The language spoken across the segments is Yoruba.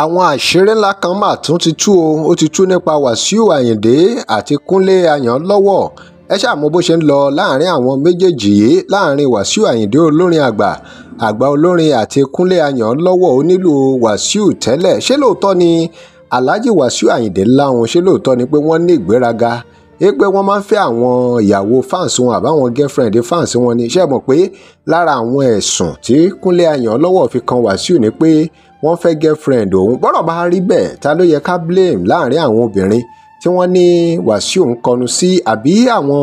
àwọn àṣírí ńlá kan mà tún ti tú o ó ti tú nípa wàsíù àyìndé àti kúnlé ayánlọ́wọ́ ẹ ṣàmú bó ṣe ń lọ láàrin àwọn méjèèjì yìí láàrin wàsíù àyìndé olórin àgbà àgbà olórin àti kúnlé ayánlọ́wọ́ onílù wàsíù tẹ́lẹ̀ ṣé lóòótọ́ ni alhaji wàsíù àyìndé láwọn ṣé lóòótọ́ ni pé wọ́n ní ìgbéraga pé wọ́n máa ń fẹ́ àwọn ìyàwó fans wọn àbáwọn girlfriend fans wọn ni ṣé mọ̀ pé lára àwọn ẹ̀sùn tí kúnlé ayánlọ́wọ́ fi kan wàsíù ni pé wọ́n fẹ́ girlfriend òun bọ́rọ̀ bá rí bẹ́ẹ̀ ta ló yẹ ká blame láàrin àwọn obìnrin tí wọ́n ní Wàsíù ń kọnu sí àbí àwọn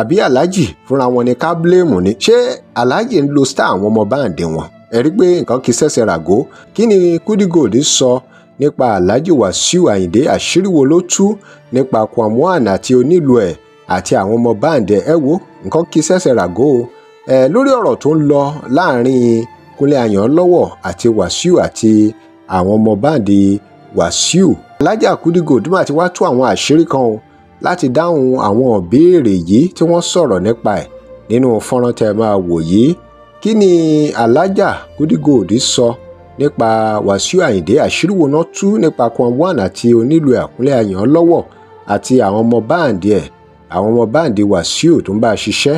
àbí aláàjì fúnra wọn ni ká blame ni ṣé aláàjì ń lo star àwọn ọmọ báǹdì wọn ẹ̀rí pé nǹkan kì í ṣẹ̀ṣẹ̀ ràgó kí ni Kudigold sọ nípa aláàjì Wàsíù Àyìndé àṣírí wo ló tú nípa Kwamwan àti onílù ẹ̀ àti àwọn ọmọ báǹdì ẹ̀ wò nǹkan kì í ṣẹ̀ṣẹ̀ ràgó ẹ̀ lórí ọ̀rọ̀ tó ń lọ láàrin kúnlé ayọ̀ọ́lọ́wọ̀ àti wàsíù àti àwọn ọmọ báǹdì wàsíù. alájà kudi goldman ti wá tú àwọn àṣírí kan o láti dáhùn àwọn ìbéèrè yìí tí wọ́n sọ̀rọ̀ nípa ẹ̀ nínú fọ́nrán tẹ́ máa wò yìí kí ni alájà kudi gold sọ nípa wàsíù àyìndé àṣírí wo náà tú nípa kan one àti onílù àkúnlé ayọ̀ọ́lọ́wọ̀ àti àwọn ọmọ báǹdì ẹ̀ àwọn ọmọ báǹdì wàsíù tó ń bá a ṣiṣẹ́.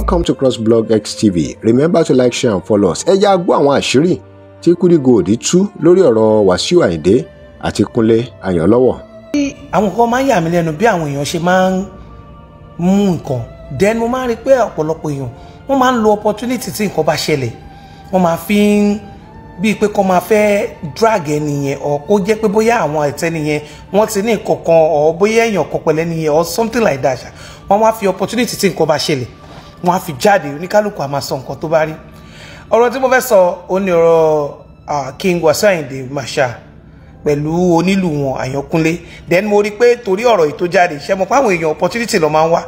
Welcome to crossblogX XTV. Remember to like, share and follow us. Ẹ yá gbọ́ àwọn àṣírí tí Kudi Gold tú lórí ọ̀rọ̀ Wàsíù Àyìndé àti Kúnlé Ayọ̀lọ́wọ̀. Àwọn kan máa ń yà mí lẹ́nu bí àwọn èèyàn ṣe máa ń mú nǹkan. Then mo máa ń rí pé ọ̀pọ̀lọpọ̀ èèyàn wọ́n máa ń lo opportunity tí nǹkan bá ṣẹlẹ̀. Wọ́n máa fi ń bíi pé kọ́ máa fẹ́ drag ẹni yẹn ọ̀ kó jẹ́ pé bóyá àwọn ẹ̀tẹ́ nìyẹn wọ́n ti ní nǹkan kan ọ̀ bóyá èèyàn kan pẹ̀lẹ́ nìyẹn or something like that. Wọ́n máa fi opportunity tí nǹkan bá ṣẹlẹ̀ wọn á fi jáde oníkálukú á máa sọ nǹkan tó bá rí ọ̀rọ̀ tí mo fẹ́ sọ ó ní ọ̀rọ̀ King Wasiu Ayinde Marshal onílù wọn Àyànkúnlé then mo rí i pé torí ọ̀rọ̀ yìí tó jáde ṣe mọ̀ pé èèyàn opportunity ló máa ń wá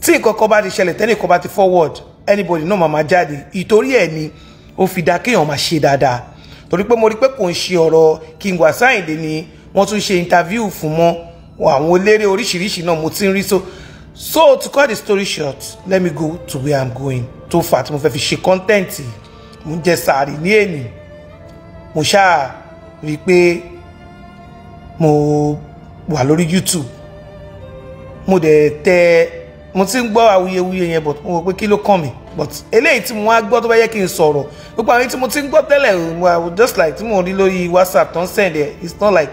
tí nǹkan kan bá ti ṣẹlẹ̀ tẹ́nìkan bá ti forward anybody náà máa máa jáde ìtorí ẹ̀ ni ó fi dá kéèyàn máa ṣe dáadáa torí pé mo rí i pé kò ń ṣe ọ̀rọ̀ King Wasiu ni wọ́n tún ṣe interview fún mọ́ àwọn eléré oríṣiríṣi náà mo ti ń rí so so to cut the story short let me go to where i'm going tó fà tí mo fẹ́ fi ṣe kọ́ńtẹ́ǹtì mo ń jẹ sàárì ní èní mo ṣáà rí i pé mo wà lórí youtube mo dẹ̀ tẹ mo ti ń gbọ́ awuyewuye yẹn but mo wọ pé kí ló kàn mí but eléyìí tí mo wá gbọ́ tó bá yẹ kí n sọ̀rọ̀ gbogbo àwọn tí mo ti ń gbọ́ tẹ́lẹ̀ just like tí mo rí lórí whatsapp tó ń send ẹ̀ it's not like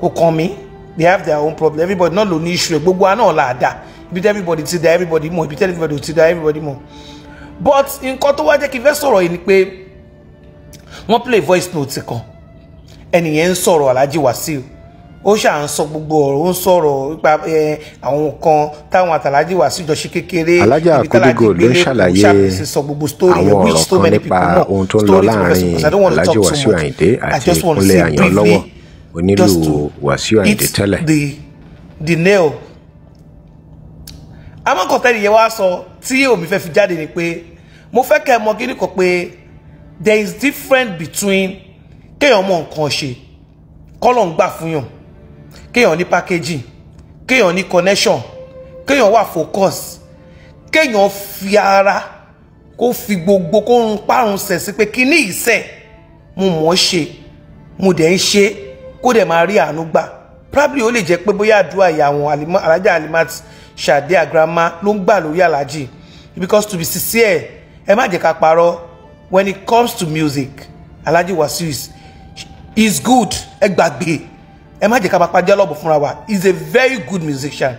kò kàn mí they have their own problem everybody náà ló ní issue ẹ̀ gbogbo wa náà là á dáa ibi everybody ti da everybody more. ibi everybody ti da everybody mọ̀ but in koto wa jẹ́ kí n fẹ́ sọ̀rọ̀ yìí ni pé wọ́n play voice note kan ẹnìyẹn ń sọ̀rọ̀ Alhaji Wasiu ó ṣáà ń sọ gbogbo ọ̀rọ̀ ó ń sọ̀rọ̀ nípa àwọn kan táwọn àtàlájì wà síjọ ṣe kékeré alájà àkódégò ló ń ṣàlàyé àwọn ọ̀rọ̀ kan nípa ohun tó ń lọ láàrin Alhaji Wasiu Àyìndé àti ìkúnlẹ̀ àyànlọ́wọ́ onílù Wasiu Àyìndé tẹ́lẹ̀. the nail amọ́kọ̀tẹ́ nìyẹn wá sọ tí omi fẹ́ fi jáde ni pé mo fẹ́ kẹ́ ẹ mọ kí ni pé there is difference between kéèyàn mọ nǹkan ṣe kọ́lọ̀ ń gbà fún yàn kéèyàn ní packaging kéèyàn ní connection kéèyàn wà focus kéèyàn fi ara kó fi gbogbo kó ń parun sẹ̀ sí pé kí ní ìsẹ̀ mo mọ̀ ṣe mo dẹ̀ ń ṣe kó dẹ̀ máa rí àánú gbà probably ó lè jẹ́ pé bóyá àdúrà ìyá àwọn alájà alimat ṣàdé agrama ló ń gbà lórí alájì because to be sincere ẹ má jẹ́ ká parọ́ when it comes to music alájì Wasiu is is good ẹ gbàgbé ẹ má jẹ́ ká papá jálọ̀bù fúnra wa he is a very good musician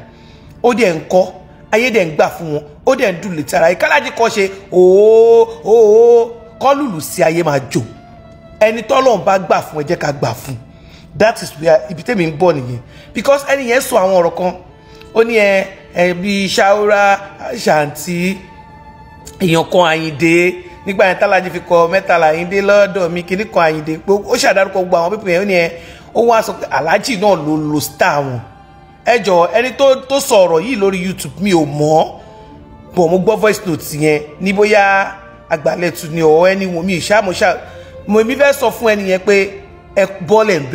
ó dẹ̀ ń kọ́ ayé dẹ̀ ń gbà fún wọn ó dẹ̀ ń dùn létí ara yìí kálájì kọ́ ṣe òó òó kọ́ lùlù sí ayé máa jò ẹni tọ́lọ́run bá gbà fún ẹ jẹ́ ká gbà fún un that is where ibi tèmi ń bọ̀ nìyẹn because ẹni yẹn sọ àwọn ọ̀rọ̀ kan ó ní ẹ ẹ bíi ṣàwúrà ṣàǹtì èèyàn kan àyíǹde nígbà yẹn tálájì fi kọ mẹ́tàlá àyíǹde lọ́dọ̀ mi kíní kan àyíǹde ó ṣàdárúkọ gbogbo àwọn pípẹ́ yẹn ó ní ẹ ó wá sọ pé aláàjì náà ló lo star wọn ẹ jọ ẹni tó tó sọ ọ̀rọ̀ yìí lórí youtube mi ò mọ̀ bọ̀ mo gbọ́ voice note yẹn ní bóyá àgbàlẹ̀tù ni ọ̀ ẹni wọ̀n mi ìṣàmúṣà mo mi fẹ́ sọ fún ẹni yẹn pé ẹ bọ́ọ̀lẹ̀ ń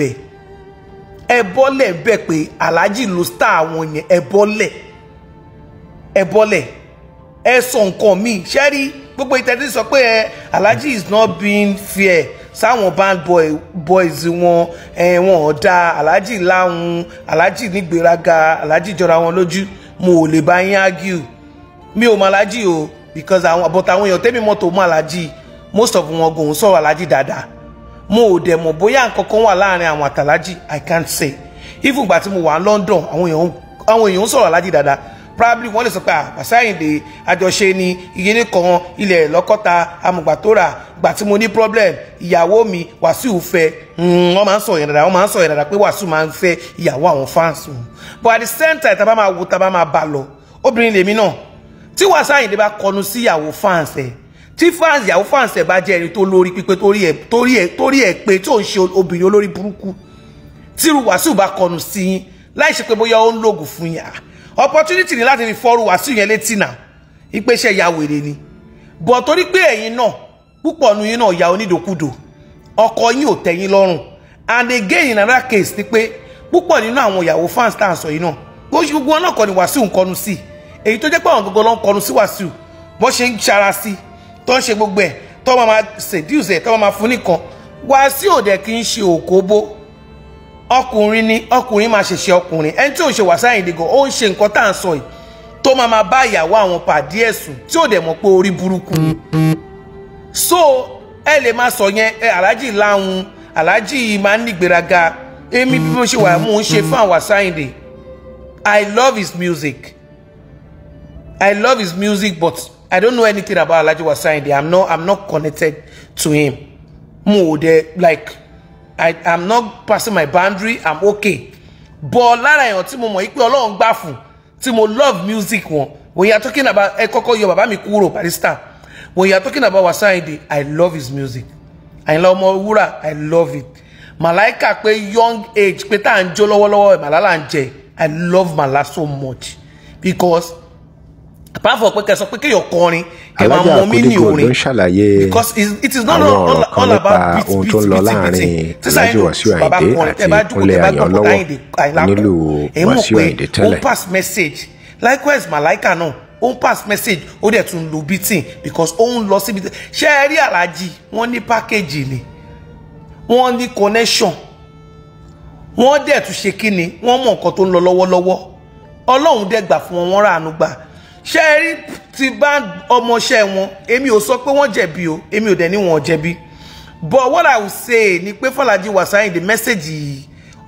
ẹ bọ́lẹ̀ bẹ́ pé aláàjì ló star àwọn yẹn ẹ bọ́lẹ̀ ẹ bọ́lẹ̀ ẹ sọ nǹkan míì ṣẹ́rí gbogbo ìtẹ́tí sọ pé ẹ aláàjì is not being fair sáwọn band boy boys wọn ẹ wọn ò dáa aláàjì láhùn aláàjì nígbéraga aláàjì jọra wọn lójú mo ò lè bá yín argue mi ò mọ aláàjì o because àwọn àbọ̀tà àwọn èèyàn tẹ́mi mọ́tò mọ́ aláàjì most of wọn gòun sọ̀rọ̀ aláàjì dáadáa mo ò dẹ̀ mọ̀ bóyá nǹkan kan wà láàrin àwọn àtàlájì i can't say even ìgbà tí mo wà London àwọn èèyàn àwọn èèyàn ń sọ̀rọ̀ alájì dáadáa probably wọ́n lè sọ pé àpàṣẹ ah, àyìndé àjọṣe ni ìyẹnì kan ilẹ̀ lọ́kọ́ta amùgbà tó rà gbà tí mo ní problem ìyàwó mi wàsíù fẹ́ hmm, wọ́n máa ń sọ yẹn dáadáa wọ́n máa ń sọ yẹn dáadáa pé wàsíù máa ń fẹ́ ìyàwó àwọn fans wọn but at the same time tábà máa wo tábà máa bá lọ obìnrin lèmi náà tí wàsíù àyìndé bá kọnu sí ìyàwó fans ẹ̀ eh tí fans ìyàwó fans ẹ̀ bá jẹ́ ẹni tó lórí pípé torí ẹ̀ torí ẹ̀ torí ẹ̀ pé tó ń ṣe obìnrin olórí burúkú tíru wàsíù bá kọnu sí yín láì ṣe pé bóyá ó ń lògùn fún yà opportunity ni láti fi fọ́rù wàsíù yẹn létí náà ìpèsè ìyá wèrè ni bọ̀ torí pé ẹ̀yin náà púpọ̀ nu yín náà ìyá onídòkúdò ọkọ yín ò tẹ̀yìn lọ́rùn and again in another case ni pé púpọ̀ nínú àwọn ìyàwó fans tá à ń sọ yìí náà gbogbo wọn náà kọ́ ni wàsíù ń kọnu sí èyí tó jẹ́ pé àwọn gbogbo ló ń kọnu sí wàsíù bó ṣe ń ṣara sí i tó ń ṣe gbogbo ẹ̀ tó máa máa tó máa fún nìkan Wàsíù òde kì í ṣe òkóbó ọkùnrin ni ọkùnrin máa ṣẹ̀ṣẹ̀ ọkùnrin ẹni tí ò ṣe Wasiu Ayinde gan ó ń ṣe nǹkan tá à ń sọ yìí tó máa máa bá ìyàwó àwọn pàdé ẹ̀sùn tí ò dẹ̀ mọ̀ pé orí burúkú ni so ẹ lè máa sọ yẹn aláàjì láhùn aláàjì máa ń nígbéraga èmi bí mo ṣe wà mò ń ṣe fún àwọn Wasiu I love his music I love his music but I don't know anything about Alhaji Wasayinde. I'm not I'm not connected to him. Mo de like I I'm not passing my boundary. I'm okay. But lára yon tí mo mọ̀ yìí pé Ọlọ́run mo love music wọn. When you are talking about ẹ koko yọ bàbá mi kúrò barista. When you are talking about Wasayinde, I love his music. I love Ọmọwúrà, I love it. Malaika pé young age pé tá à ń jó lọ́wọ́lọ́wọ́ Màlá là ń I love Màlá so much because apart from pé kẹsàn pé kéèyàn kọrin ẹ mọ mí ní orin because it is not all, all about beat beat beat beat tísà inú bàbá kọrin tẹ bá dúkú tẹ bá gbọ́ pé Àyìndé Àyìnlá ẹ mọ̀ pé ó pass message likewise Màláìkà náà ó ń pass message ó dẹ̀ tún lo beating because ó ń lọ síbi ṣé ẹ rí Àlàájì wọ́n ní package ni wọ́n ní connection wọ́n dẹ̀ tún ṣe kí ni wọ́n mọ̀ nǹkan tó ń lọ lọ́wọ́lọ́wọ́ Ọlọ́run dẹ̀ gbà fún wọn wọ́n rà ánú gbà ṣé ẹ rí ti bá ọmọọṣẹ́ wọn èmi ò sọ pé wọ́n jẹ̀bi o èmi ò dẹ̀ ní wọn jẹ̀bi but what i will say ni pé Fọlájí Wàsáyìn the message yìí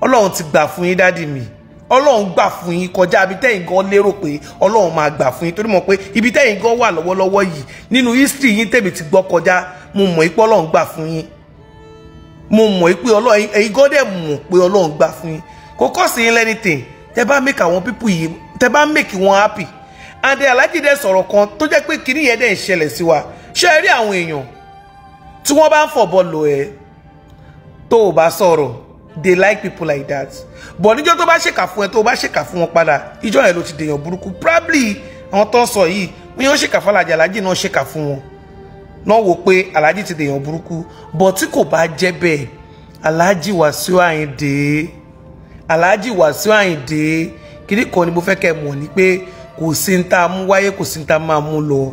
ọlọ́run ti gbà fún yín dádì mi ọlọ́run gbà fún yín kọjá ibi tẹ́yìn gan lérò pé ọlọ́run máa gbà fún yín torí mọ̀ pé ibi tẹ́yìn gan wà lọ́wọ́lọ́wọ́ yìí nínú history yín tèmi ti gbọ́ kọjá mo mọ̀ pé ọlọ́run gbà fún yín mo mọ̀ pé ọlọ́run ẹ̀yin gan dẹ̀ mọ̀ pé ọlọ́run gbà fún yín kò kọ́ sí yín lẹ́nìtìn tẹ bá make àwọn people yìí tẹ bá make wọn happy and Alhaji dẹ̀ sọ̀rọ̀ kan tó jẹ́ pé kinní yẹn dẹ̀ ń ṣẹlẹ̀ sí wa ṣé ẹ rí àwọn èèyàn tí wọ́n bá ń fọ̀bọ lò ẹ́ tó o bá sọ̀rọ̀ they like people like that but níjọ́ tó bá ṣèkà fún ẹ tó o bá ṣèkà fún wọn padà ìjọ́ yẹn ló ti dèèyàn burúkú probably àwọn tó ń sọ yìí bí wọ́n ṣèkà fún Alhaji Alhaji náà ṣèkà fún wọn náà wò pé Alhaji ti dèèyàn burúkú but tí kò bá jẹ́ bẹ́ẹ̀ Alhaji Wasiu Ayinde Alhaji Wasiu Àyìndé kiri kan ni mo fẹ́ kẹ́ mọ̀ ni pé kò sí ní tá mú wáyé kò sí ní tá máa mú lọ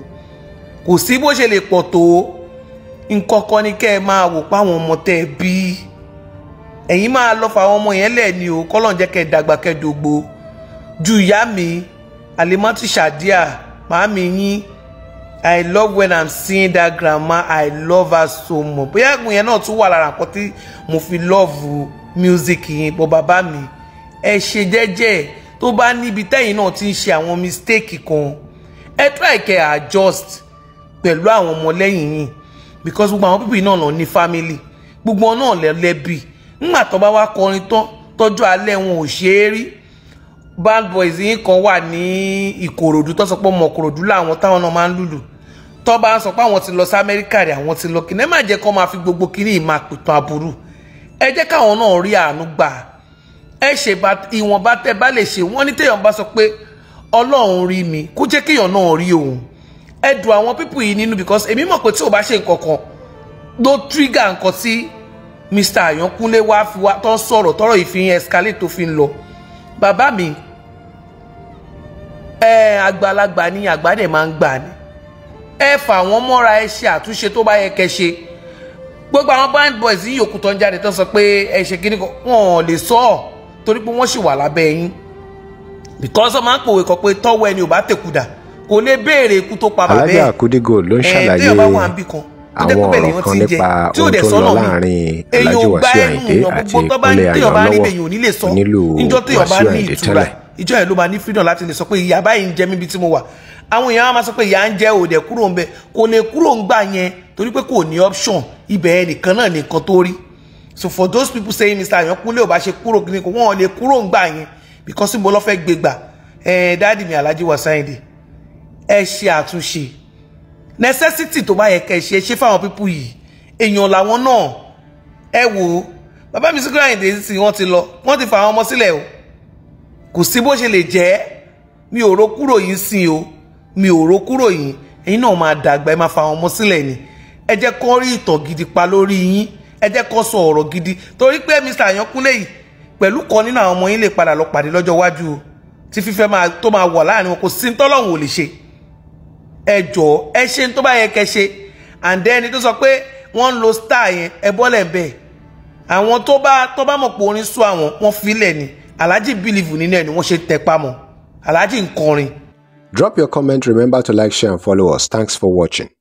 kò sí bó ṣe lè pọ̀ tó nkankan ni kẹ́ ẹ máa wò páwọn ọmọ tẹ́ ẹ bí ẹ̀yin máa lọ fa àwọn ọmọ yẹn lẹ̀ ni o kọ́lọ́n jẹ́ kẹ́ ẹ dàgbà kẹ́ ẹ dògbò ju ìyá mi alimatu shadia màámi yín i love when i'm seeing that grandma i love her so much bóyá ẹ̀gùn yẹn náà tún wà lára nǹkan tí mo fi love music yín bọ́ bàbá mi ẹ ṣe jẹ́jẹ́ tó bá níbi tẹ́yìn náà ti ń ṣe àwọn mistake kan ẹ try kẹ́ adjust pẹ̀lú àwọn ọmọlẹ́yìn yìí because gbogbo àwọn pípì náà lọ ní family gbogbo wọn náà lẹ́lẹ́bì ńgbà tó bá wá kọrin tán tọ́jú alẹ́ wọn ò ṣe é rí bad boys yìí kan wà ní ìkòròdú tó sọ pé ọmọ ìkòròdú làwọn táwọn náà máa ń lùlù tó bá sọ pé àwọn ti lọ sí amẹ́ríkà rẹ̀ àwọn ti lọ kí ní ẹ má jẹ́ kó máa fi gbogbo kiri ìmọ̀ àpètàn aburú ẹ jẹ́ káwọn náà rí àánú gbà á ẹ ṣe ìwọ̀nba tẹ́ bá lè ṣe wọ́n ní téèyàn bá sọ pé ọlọ́run rí mi kó jẹ́ kéèyàn náà rí òun ẹ dùn àwọn pípù yìí nínú because èmi mọ̀ pé tí o bá ṣe nǹkan kan ló tírígà nǹkan tí Mr. Àyànkúnlé wá fi wá tó ń sọ̀rọ̀ tọ́rọ̀ ìfihàn escalate tó fi ń lọ bàbá mi ẹ àgbàlagbà ni àgbà dẹ̀ máa ń gbà ni ẹ fà wọ́n mọ́ra ẹ ṣe àtúnṣe tó bá yẹ kẹ́ ṣe gbogbo àwọn band boys yìí yòókù tó jáde tó sọ pé ẹ ṣe kíní kan wọn ò lè sọ ọ́ torí pé wọ́n sì wà lábẹ́ yín because ọmọ àpòwé kan pé tọ́wọ́ ẹni ò bá tẹ̀kùdà kò lè béèrè ikú tó pa bàbá ẹ̀ alájà kúdígò ló ń ṣàlàyé àwọn ọ̀rọ̀ kan nípa ohun tó lọ láàrin alájò Wasiu Ayinde àti ìpínlẹ̀ Ayọ̀lọ́wọ́ onílù Wasiu Ayinde tẹ́lẹ̀ ìjọ yẹn ló máa ní freedom láti lè sọ pé ìyá báyìí ń jẹ mí bí tí mo wà àwọn èèyàn á máa sọ pé ìyá ń jẹ òdẹ kúrò ń bẹ kò lè kúrò ń gbà yẹn torí pé kò ní option ibẹ̀ ẹnìkan náà nìkan tó rí so for those people saying Mr. Ayankunle ò bá ṣe kúrò ní kò wọ́n lè kúrò ń gbà yẹn because mo lọ́ fẹ́ gbé gbà ẹ̀ dáàdì mi Alhaji wa Sayinde ẹ ṣe àtúnṣe necessity tó bá yẹ kẹ́ ṣe ṣe fáwọn people yìí èèyàn làwọn náà ẹ wò ó bàbá mi Síkírù Àyìndé sì wọ́n ti lọ wọ́n ti fà àwọn ọmọ sílẹ̀ o kò sí bó ṣe lè jẹ́ mi ò ro kúrò yìí sí o mi ò ro kúrò yìí ẹ̀yin náà máa dàgbà ẹ máa fà àwọn ọmọ sílẹ̀ ni ẹ jẹ́ kó rí ìtàn gidi pa lórí yín ẹ jẹ́ kó sọ ọ̀rọ̀ gidi torí pé Mr. Àyànkúnlé yìí pẹ̀lú kan nínú àwọn ọmọ yín lè padà lọ pàdé lọ́jọ́ iwájú tí fífẹ́ tó máa wọ̀ láàrin wọn kò sí tọ́lọ́hún ò lè ṣe ẹ jọ̀ọ́ ẹ ṣe tó bá yẹ kẹ́ ṣe and then ẹni tó sọ pé wọ́n ń lo star yẹn ẹ bọ́lẹ̀ bẹ́ẹ̀ àwọn tó bá tó bá mọ̀ pé orin sún àwọn wọ́n filẹ̀ ni alhaji believe nínú ẹ̀ ni wọ́n ṣe tẹpá mọ́ alhaji ń Drop your comment remember to like share and follow us thanks for watching.